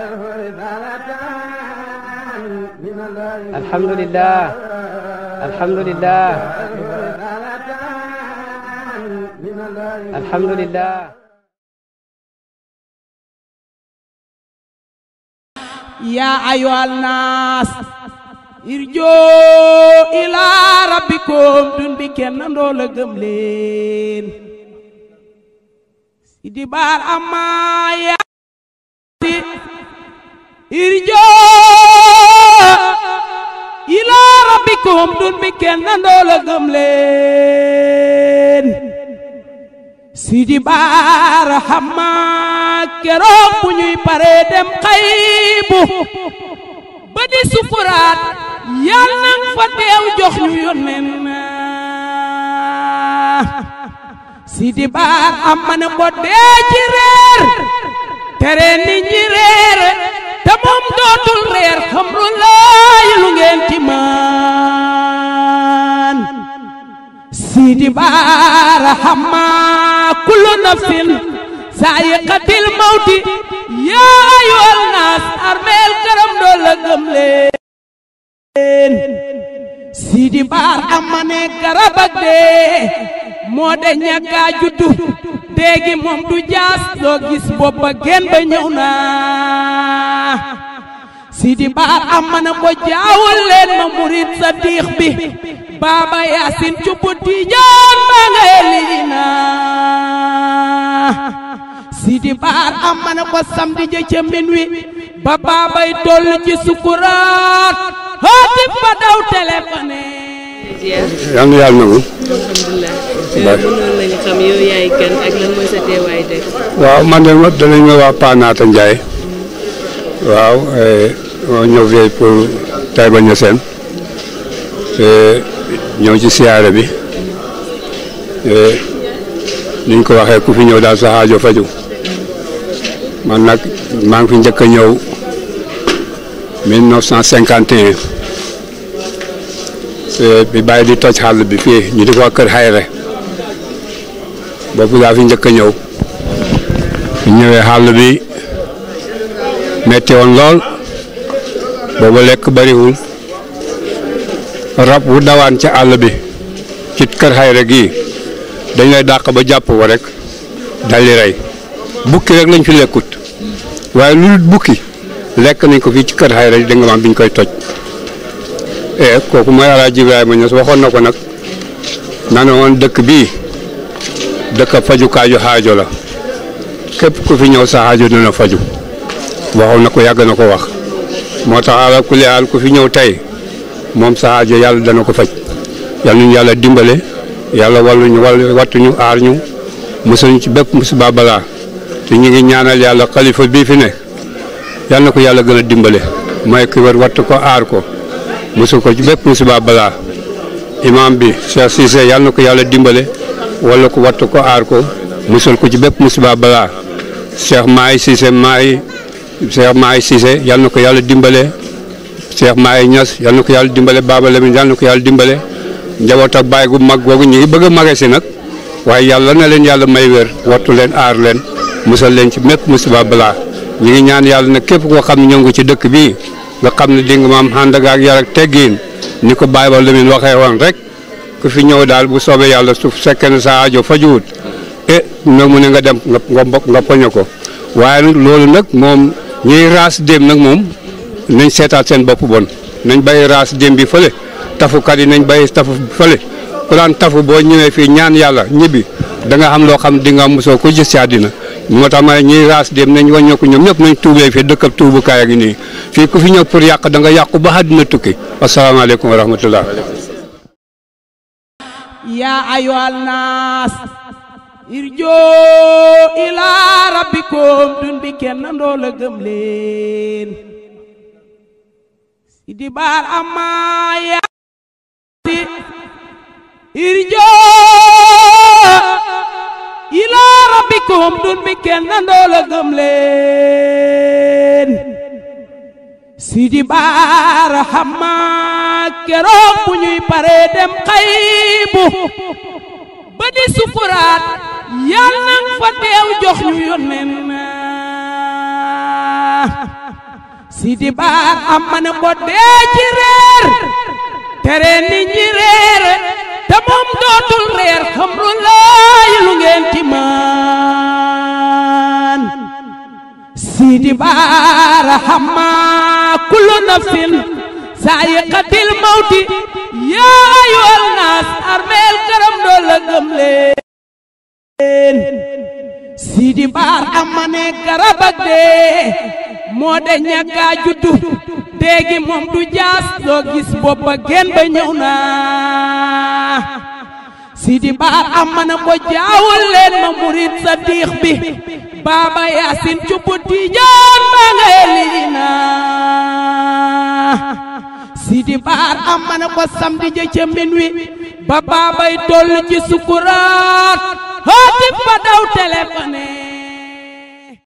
alhamdulilah alhamdulilah alhamdulilah يا أيها الناس ارجعوا إلى ربكم دون بكن نول غملين سيدي بار أما يا irjaa ilaa rabbikum dun mi kenn ndoo la gëm leen Sidi Baara xamma keroog bu pare dem xaybu ba di sufuraat yal nang fa teew jox ñu yónneen Sidi Baar am na mbot reer tere nit ñi reer te moom dootul reer xamru laay lu ngeen ci maan siidi baara xamma kullu nafsin saayiqatil mawti yaa ayyuhan naas armeel këram doo la leen siidi baar amma ne garab ak dee moo de ñàkkaa juddu déegi moom du jaas doo gis boppa geen ba ñëw naa sidi baar am mana mo jaawul leen ma murit sa diix bi baaba yaasin cubbu tiijaan baa nga eliina sidi baar am mana ko samedi ja ca min wi ba baabay toll ci sukuraat haatif ba daw téléphone yaa ngi yàlla nangu. waaw man de danañ ma waa Paanaata Njaay mm. waaw eh, ñëw fii pour seen Niassène ñëw ci siyaare bi ni ñu ko waxee ku fi ñëw daal sa aajo faju man nag maa fi njëkk a ñëw 1951 bi bàyyi di toj xàll bi fii ñu di ko wax kër xayre boobu daa fi njëkk a ñëw ñëwee xàll bi metti lool booba lekk bariwul rab wu dawaan ci àll bi ci kër xayra gii dañ lay dàq ba jàpp ko rekk dal di rey bukki rek lañ fi lekkut waaye lu bukki lekk nañ ko fii ci kër xayra da nga bi ñu koy toj kooku eh, kooku mooy Alaaji Ibrahima Ñas waxoon na ko nag na dëkk bii dëkk fajukaaju xaajo la képp ku fi ñëw sa xaajo dina faju waxoon na ko yàgg na ko wax moo tax ala kulli ku fi ñëw tey moom sa yàlla dana ko faj yal nañu yàlla dimbale yàlla walluñu wàll wattuñu aar ñu mosuñu ci bépp musiba balaa te ñu ngi ñaanal yàlla xalifa bii fi nekk yal na ko yàlla gën a dimbale mooy ki wër wattu ko aar ko mosu ko ci bépp musiba balaa imaam bi Cheikh Cissé yal na ko yàlla dimbale wala ko wattu ko aar ko musul ko ci bépp musiba balaa Cheikh Maay Cissé Maay Cheikh Maay Cissé yal na ko yàlla dimbale Cheikh Maay Niass yal na ko yàlla dimbale Baba Lamine yal na ko yàlla dimbale njaboot ak baay gu mag googu ñu ngi bëgg a si nag waaye yàlla na leen yàlla may wér wattu leen aar leen musal leen ci mépp musiba balaa ñu ngi ñaan yàlla na képp koo xam ne ngi nga ci dëkk bii nga xam ne dinga maam ànd ak yar ak teggiin ni ko Baba Lamine waxee woon rek ku fi ñëw daal bu soobee yàlla su sekkee ne sa aajo fajuwut e mu ne nga dem nga nga poñe ko ñuy raas déem nag moom nañ seetaat seen bopp bon nañ bàyyi raas dém bi fële tafukat yi nañ bàyyi tafu fële ku daan tafu boo ñëwee fii ñaan yàlla ñibbi da nga xam loo xam di nga mosoo ko gis ci àddina moo tax ma ñuy raas déem nañ wàññeeku ñoom ñëpp nañ tuubee fii dëkka tuubukaay ak nii fii ku fi ñëw pour yàq da nga yàqu ba àddina tukki wasalaamaaleykum wa rahmatullah yaa ayyuhan irjoo ilaa rabbikum dun bi kenn ndoo la gëm leen si di baar amaa yaati irjoo ilaa rabbikum dun bi kenn ndoo gëm leen si baar amaa keroog bu pare dem xaybu ba di sufuraat yal nan fa teew jox ñu yónneen Sidi Baar am ma ne dee ci reer tere nit ñi reer te moom dootul reer xamru laay lu ngeen ci maan Sidi Baar xamma kullu nafsin saayiqatil mawti yaa ayyuhan naas armeel karam doo la gëm leen siidi mbaar amma ne garab ak dee moo de ñàkka juddu déegi moom du jaas loo gis boppa gen ñëw naa siidi mbaar amma na ko jaawal leen ma murit sa diix bi baaba yaasin cubbu tiijaan baa nga yelli naa siidi mbaar amma na ko samedi ja ca min wi ba baabay toll ci sukuraat hoo tif ba daw téléphone